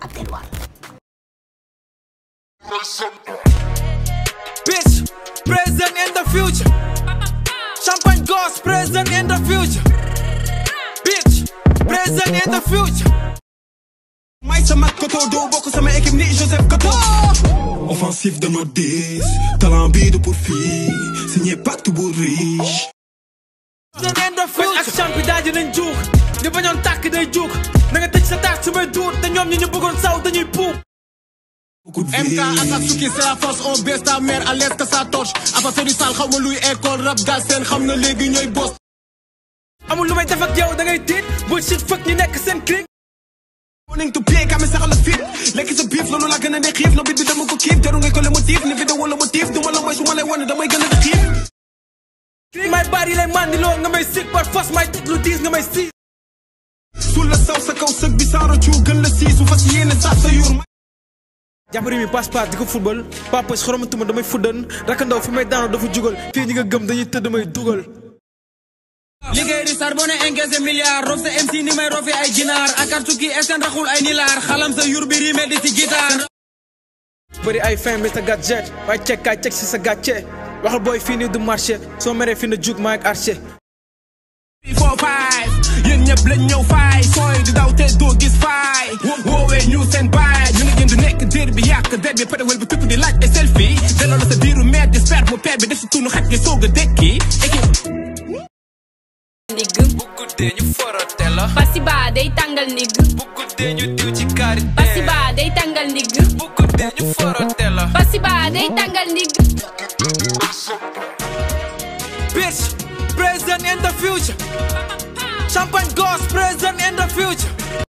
Abdelwar. Bitch, present in the future. Champagne Ghost, present in the future. Bitch, in the future. may sama koto doo bokk sama équipe ni Joseph Koto. offensif de nos dix talent bi du pour fii signé pacte bu riche. da ngeen def fuut ak champi daaji nañ juux ñu bañoon tàkk day juux na nga tëj sa taas su may duut te ñoom ñi ñu bëggoon saw dañuy puuk MK Akatsuki c'est la force on baisse ta mère à l'aise que ça torche xaw ma luy école rap gal xam na léegi ñooy boss amul lu may def ak yow da ngay tiit bu shit fëkk ñu nekk seen clique morning to play kame saxal la fit lekk sa biif loolu laa a ne xiif no bit bi dama ko kiif jaru ngay ko motif ni vidéo la motif du ma la mooy su ma damay gën may baar yi lay mandiloo nga may sig par force may teg lu diis nga may siis su la saw sa kaw sëg bi saaro ciw siis su fas yéene sax sa yuur jàppari mi passe di ko football papas xoromatuma damay fuddan rakandaw fi may daanoo dafa jugal fii ñi nga gëm dañuy tëdd may dugal liggéey di sarbone encaissé milliard rof sa MC ni may rofi ay ginaar akar tukki esen raxul ay nilaar xalam sa yur bi riime di ci gitaar bëri ay fin sa gadget waaye cekkaay cek si sa gàcce waxal booy fii nii du marché soo meree fi na jug maa arché. yéen ñëpp lañ ñëw faay sooy di gis faay woowee ñu seen baay ñu nekk diir bi yàq der bi pare wala bi tupp di laaj ay selfie delloo la sa biiru meer di sperme mu peer bi def si tunu xaj soog a dekki ndigg bu guddee ñu forote la pasiba day tàngal ndigg bu guddee ñu diw ci karité pasiba tàngal ndigg bitch. Present in the future. Champagne ghost, present